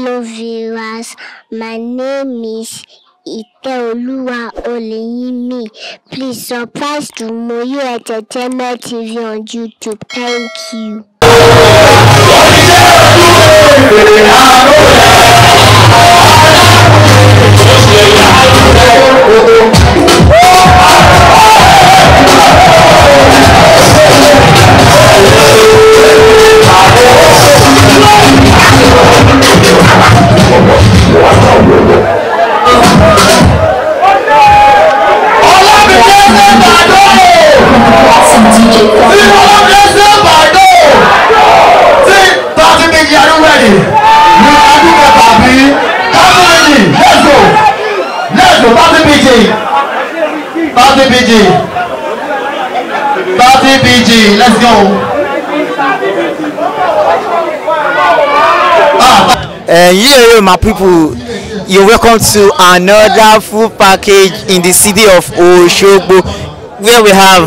Hello viewers, my name is Iteoluwa Oleyimi. Please subscribe to Moyo Entertainment TV on YouTube. Thank you. BG. 30 BG. Let's go. And ah. Uh, eh, yeah, my people, you're welcome to another full package in the city of Oshogbo, where we have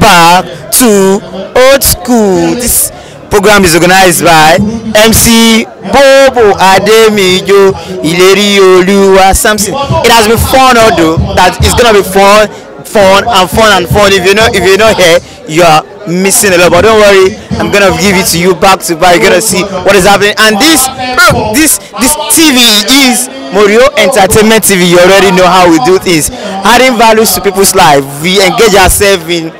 bar to old school. This program is organized by MC Bobo Ademijo Ileri Oluwa Samson. It has been fun, although that it's gonna be fun fun and fun and fun. If you're not if you're not here, you are missing a lot. But don't worry, I'm gonna give it to you back to back. You're gonna see what is happening. And this app, this this TV is Morio Entertainment TV. You already know how we do things. Adding values to people's life. We engage ourselves in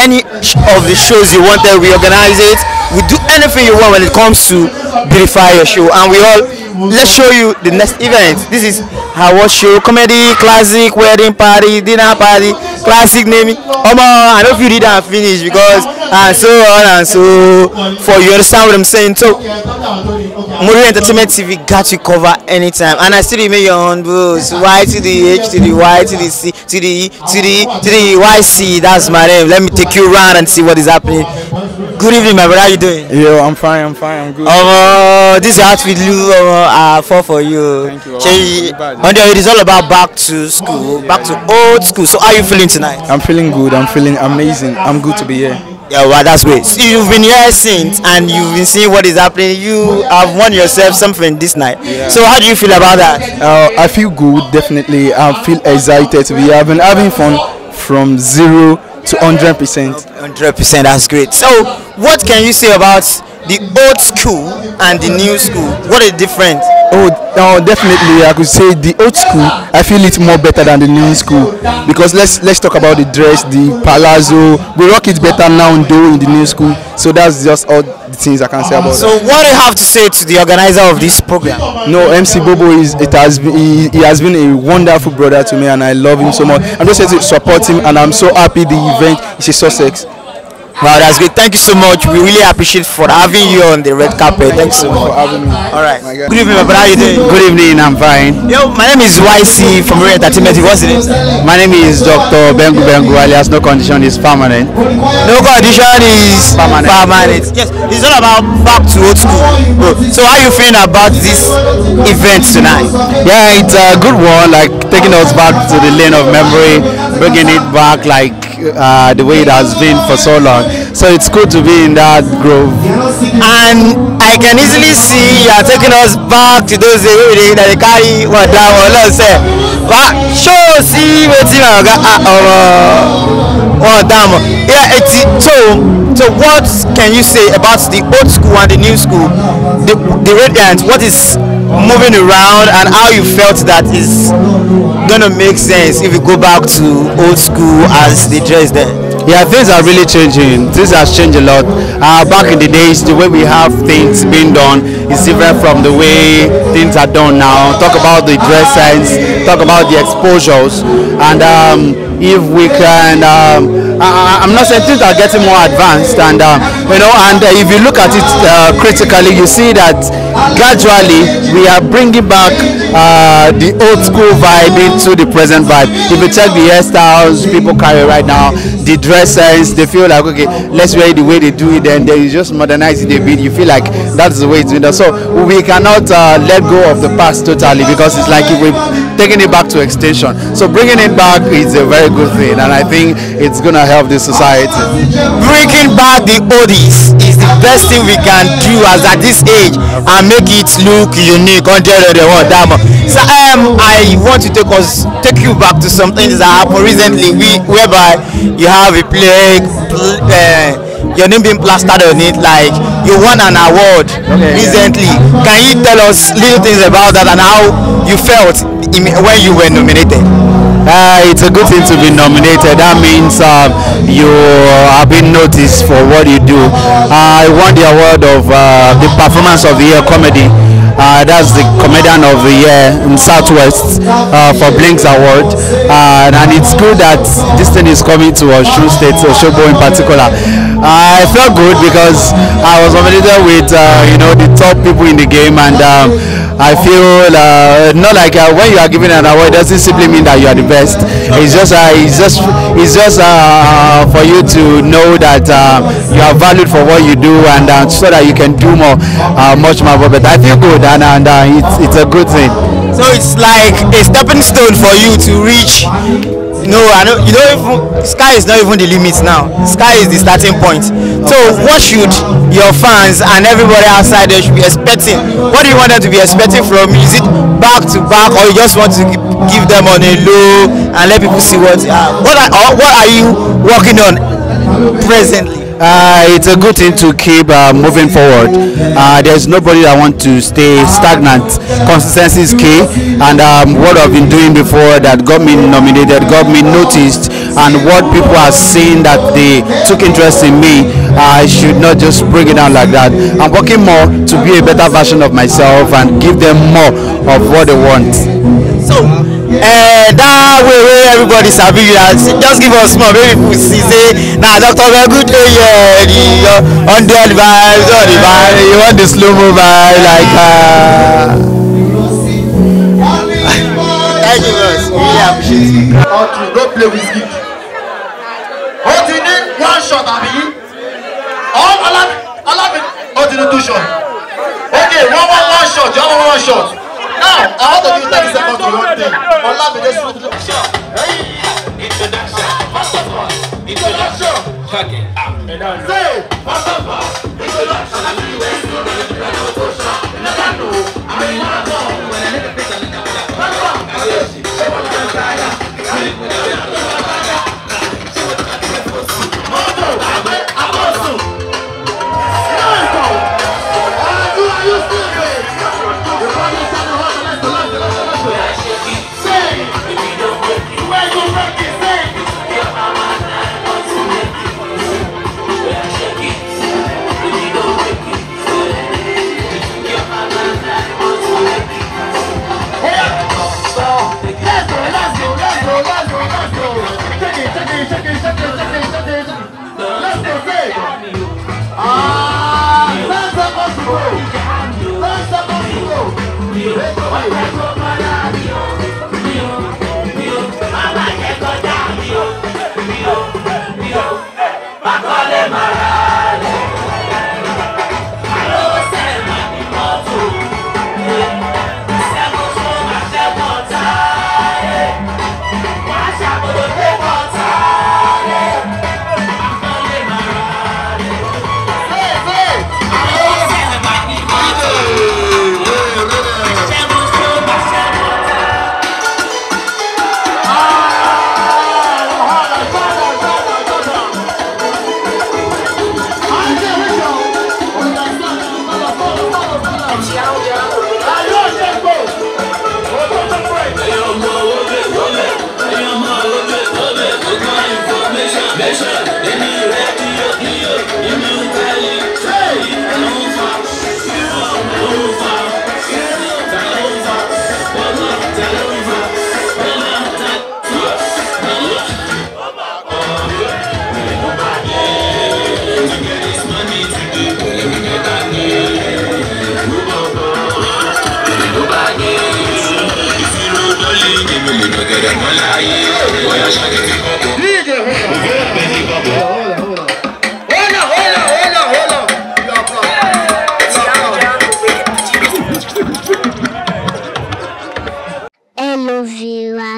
any of the shows you wanted. We organize it. We do anything you want when it comes to beautify your show. And we all let's show you the next event this is our show comedy classic wedding party dinner party classic naming omo i no you read am finish because and so on and so for you understand what i'm saying so muri entertainment tv got you cover anytime and i still remain your humble y to the h to the y to the c to the e to the e to the yc that's my name let me take you round and see what is happening Good evening, my brother. How you doing? Yo, I'm fine. I'm fine. I'm good. Oh, uh, this outfit, Lou, um, uh, I fought for you. Thank you. Che, Monday, it is all about back to school, back to old school. So, how are you feeling tonight? I'm feeling good. I'm feeling amazing. I'm good to be here. Yeah, well, that's great. So you've been here since, and you've been seeing what is happening. You have won yourself something this night. Yeah. So how do you feel about that? Uh, I feel good, definitely. I feel excited We have been having fun from zero to 100%. 100%, that's great. So, what can you say about the old school and the new school what is different. oh uh, definitely i could say the old school i feel it more better than the new school because let's let's talk about the dress the palazzo we rock it better now though in the new school so that's just all the things i can say about it. so that. what do you have to say to the organizer of this program no mc bobo is it has been he, he has been a wonderful brother to me and i love him so much i'm just here to support him and i'm so happy the event is a success Wow, that's great. Thank you so much. We really appreciate for having you on the red carpet. Thanks so much. All right. Good evening, my brother. How you doing? Good evening. I'm fine. Yo, my name is YC from Red Entertainment. What's the name? My name is Doctor Bengu Bengu alias No Condition is Permanent. No Condition is Permanent. permanent. Yes, it's all about back to old school. Bro. So how are you feeling about this event tonight? Yeah, it's a good one. Like taking us back to the lane of memory. bringing it back like uh, the way it has been for so long. So it's good to be in that grove. And I can easily see you are taking us back to those days wey we dey carry wada wọlọ sẹ. Wa show o sí wetin my oga ọmọ wọn dá mọ̀. Yeah, eti so so what can you say about the old school and the new school? The the radiant what is moving around and how you felt that is gonna make sense if you go back to old school as they dress there yeah, things are really changing. Things have changed a lot. Uh, back in the days, the way we have things being done is different from the way things are done now. Talk about the dress sense, talk about the exposures, and um, if we can. Um, I, I'm not saying things are getting more advanced, and um, you know, and uh, if you look at it uh, critically, you see that gradually we are bringing back uh, the old school vibe into the present vibe if you check the hairstyles people carry right now the dress sense they feel like okay let's wear the way they do it then they just modernize it a bit you feel like that's the way it's doing so we cannot uh, let go of the past totally because it's like if we're taking it back to extinction. so bringing it back is a very good thing and i think it's gonna help the society bringing back the oldies is the best thing we can do as at this age and make it look unique on there they want diamond so um i want to take us take you back to some things that happened recently we whereby you have a play uh, your name being plastered on it like you won an award okay, recently yeah. can you tell us little things about that and how you felt when you were nominated uh, it's a good thing to be nominated. That means uh, you have been noticed for what you do. Uh, I won the award of uh, the Performance of the Year Comedy. Uh, that's the comedian of the year in Southwest uh, for Blinks Award, and it's good that this thing is coming to Osun State, Oshobo in particular. I felt good because I was familiar with uh, you know the top people in the game, and um, I feel uh, not like uh, when you are given an award, it doesn't simply mean that you are the best. It's just uh, it's just it's just uh, for you to know that uh, you are valued for what you do, and uh, so that you can do more, uh, much more. But I feel good, and, and uh, it's it's a good thing. So it's like a stepping stone for you to reach no i no you don't even sky is not even the limit now sky is the starting point so what should your fans and everybody outside there should be expecting what do you want them to be expecting from you is it back to back or you just want to give them on a low and let people see what uh, what are what are you working on presently. Uh, it's a good thing to keep uh, moving forward. Uh, there's nobody that wants to stay stagnant. Consistency is key, and um, what I've been doing before that got me nominated, got me noticed, and what people are seeing that they took interest in me, I should not just bring it down like that. I'm working more to be a better version of myself and give them more of what they want. So, eh, that everybody sabi you and just give us small make people see say na doctor begu dey here the old vibes all the vibes you want the slow mo vibe like. Uh, Thank you, guys. go play with you. Or one shot, Abi. All allow me, allow two shots. Okay, one, one, one shot. You have one, one shot. Now, I want that you 30 seconds to your thing. Olamide Sulu. Introduction. First of all, introduction. Okay. Say, first of all, introduction. I'm in the West, I'm in the West, I'm in the West, I'm in the West, I'm in the West,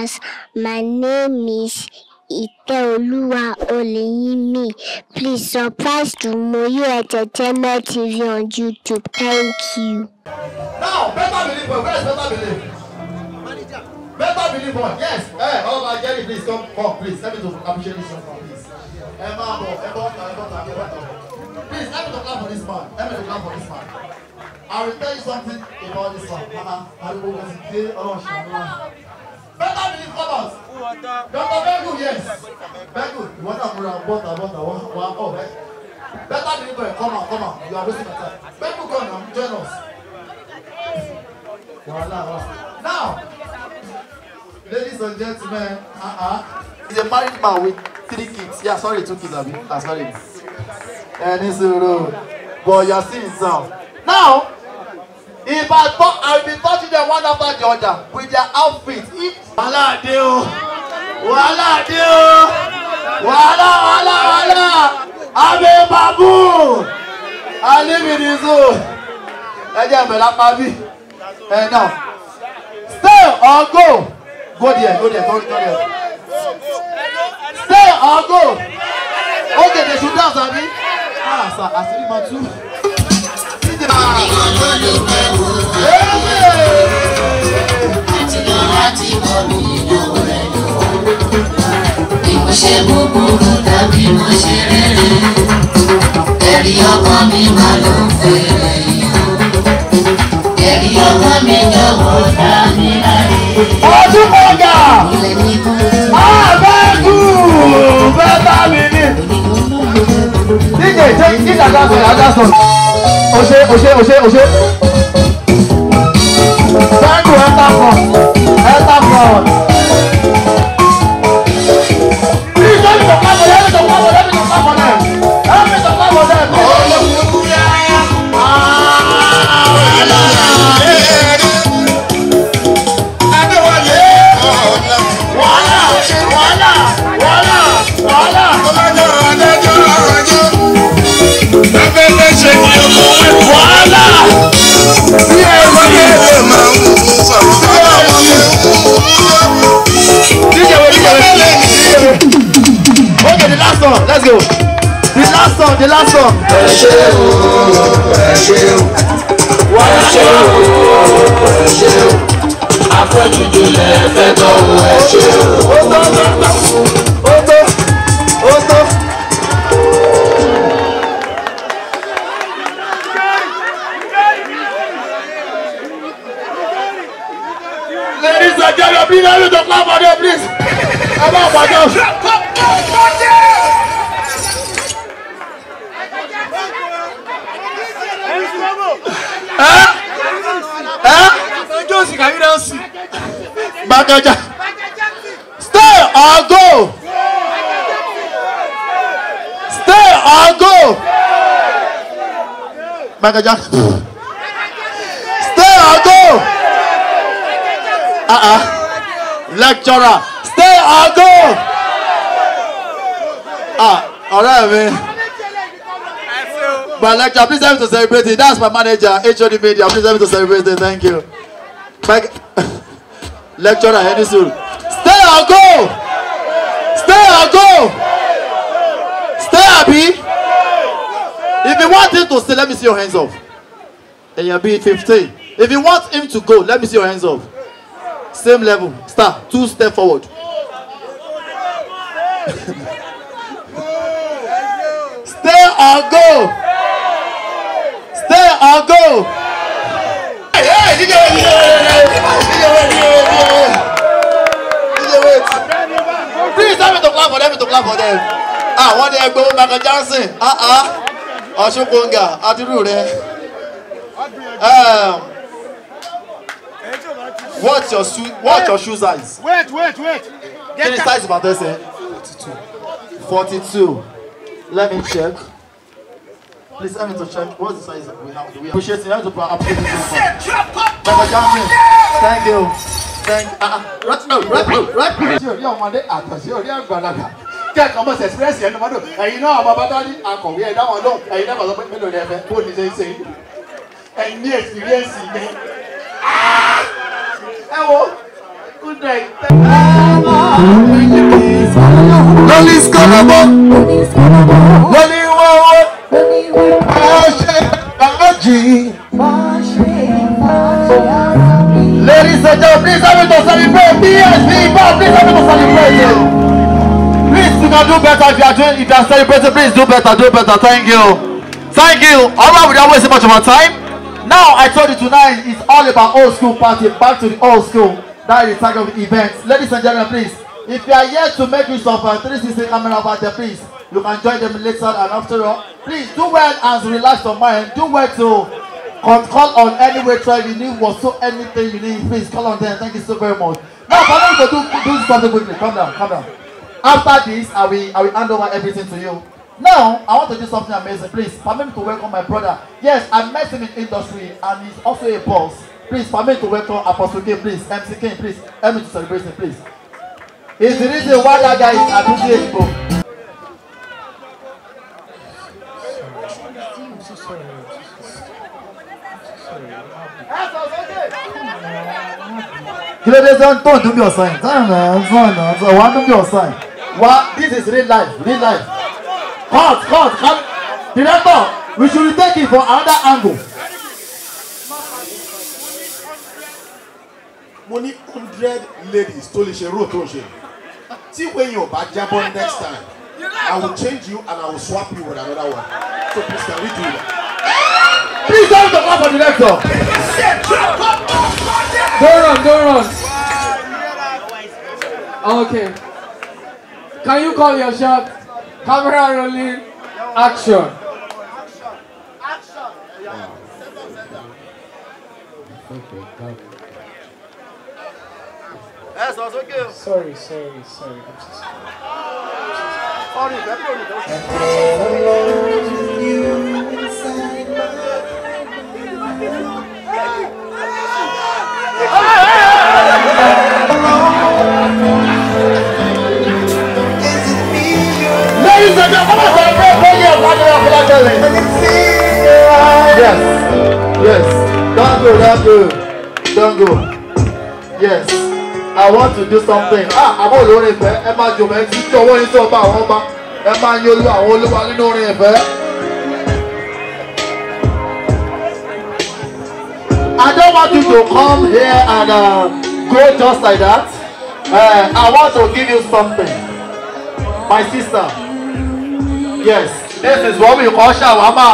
class. My name is Iteoluwa Oleyimi. Please subscribe to Moyo Entertainment TV on YouTube. Thank you. Now, better believe boy. Where's better believe? Manager. Better believe boy. Yes. Hey, eh, all my Jerry, please come, come, please. Let me to appreciate this young please. Emma, eh, Emma, Emma, Emma, Please, let me to clap for this man. Let me to clap for this man. I will tell you something about this one. Mama, I will go to the day. Oh, Shalom better than others. Dr. Begu, yes. Begu, you want to run water, water, water, oh, right? Better than Ibrahim, come on, come on. You are wasting my time. Begu, come now, join us. Voila, voila. Now, ladies and gentlemen, uh-uh. He's a married man with three kids. Yeah, sorry, two kids, Abi. Ah, sorry. And it's a road. But you are seeing some. now. if I thought I'll be touching them one after the other with their outfits, if wàhálà dé o wàhálà dé o wàhálà wàhálà wàhálà abẹ babu alimidizo ẹ jẹ́ ìbẹ̀rẹ̀ apá bí ẹ náà stay or go go there go there go there stay or go okay they should dance abi ah sir àṣírí ma tú. Yeah láti wọnú ìlú rẹ̀. ìmọ̀ṣẹ́ búburú tàbí ìmọ̀ṣẹ́ rere ẹ̀rí ọkọ mi máa ló ń fèrè yìí. ẹ̀rí ọkọ mi jọ̀wọ́ dá mi láyé. ọdún mọ́gà àbẹ́kù bẹ́ẹ̀ bá mi ní. díje ṣe díje àdásọ àdásọ ọṣẹ ọṣẹ ọṣẹ ọṣẹ. Sandu ẹ ta kọ. Lord. let's go the last song the last song. ẹ ṣé o ẹ ṣé o wá ṣé o ẹ ṣé o afẹ́jújú lẹ fẹ́ tọ́ o ẹ ṣé o. ó tó ó Ladies and gentlemen, please, I'm out of ọjọ́ òsì kàbí náà sì. gbàgàjà stay or go stay or go gbàgàjà stay or go uh -uh. lecturer stay or go. Ah, alright, man. My lecturer, please help me to celebrate it. That's my manager, HOD Media. Please help me to celebrate it. Thank you. My lecturer, Henry Soul. Stay or go! Stay or go! Stay, Abi! If you want him to stay, let me see your hands up. And you'll be 15. If you want him to go, let me see your hands up. Same level. Start. Two step forward. stay or go! I'll go. Hey, hey, Please let me to clap for them, to clap for them. Ah, wọ́n ní ẹgbẹ́ owó Michael Jackson. Ah ah, Ọ̀ṣun Gbọ̀ngà, Adúrú rẹ̀. Um, Watch your shoe, What's your shoe size. Wait, wait, wait. Get ni size bàtẹ́ this. Eh? Forty 42. Forty Let me check. Please help me to check what's the size that we have. We appreciate it. Help to appreciate it. Baba Jamie, thank you. Thank you. Right now, right now, right now. Ṣé orí ọmọdé àtọ̀sí orí àgbàlagbà? Kẹ́kọ̀ọ́ mọ̀ sẹ̀sìrẹ́sì ẹnu mọ́tò. Ẹ̀yin náà ọmọ bàbá ní akọ̀wé ẹ̀dá wọn lóhùn. Ẹ̀yin náà bàbá mélòó ni ẹ fẹ́? Bó ni ṣe ń ṣe? Ẹ̀yin ní èsìrẹ́sì yẹn. Ẹ Hello. good night. Lọ́lí skálábọ̀. Lọ́lí wọ́wọ́. Ladies and gentlemen, please help me to celebrate PSB. Please help me to celebrate Please, you can do better if you are doing, if you are celebrating. Please do better, do better. Thank you. Thank you. Alright, we without wasting much of our time. Now, I told you tonight is all about old school party. Back to the old school. That is the target of the event. Ladies and gentlemen, please, if you are here to make use of a 360 camera over there, please, you can join them later and after all. Please do well and relax your mind. Do well to call, call on any waitress you need, whatso anything you need. Please call on them. Thank you so very much. Now, I me to do, do something quickly. Calm down, calm down. After this, I will, I will hand over everything to you. Now, I want to do something amazing. Please, permit me to welcome my brother. Yes, I met him in industry and he's also a boss. Please, permit me to welcome Apostle King, please. MC King, please. Help me to celebrate him, please. he's the reason why that guy is abusing people. kí ló dé tó ń dún bí ọ̀sán yìí tán náà tán náà tán wà á dún bí ọ̀sán this is real life real life cut cut cut director we should take it from another angle. Money, hundred ladies tó lè ṣe róò tó you ṣe tí wẹ́yìn ò bá next time. I will change you and I will swap you with another one. So please can we do that? Please don't talk about the director. Don't run, don't run. Okay. Can you call your shot? Camera rolling. Action. Action. Action. That's also good. Sorry, sorry, sorry. I'm so sorry. orin ìfẹ́ pé olùdó ṣe. Ladies and gentlemen, I'm going to bring you a bag of blackberry. Yes, yes. Don't go, don't go, don't go. Yes, I want to do something. Ah, I'm all over it. Emma Jomex, so what is about Oma? ẹ máa ń yọlú àwọn olúwa nínú orin ìfẹ́. I don't want you to come here and uh, go just like that. Uh, I want to give you something. My sister. Yes, this is what we call shawama.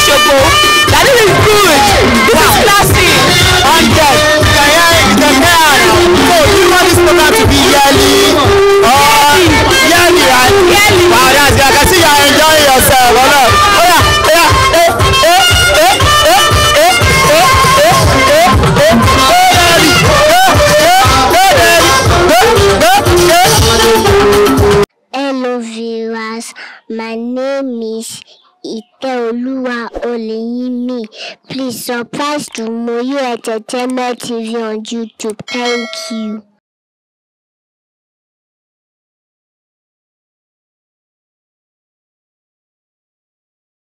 Òṣogbo that is good this wow. is classy. hundred uh, kaya the na so you want this program to be here following me. Please subscribe to Moyo Entertainment TV on YouTube. Thank you.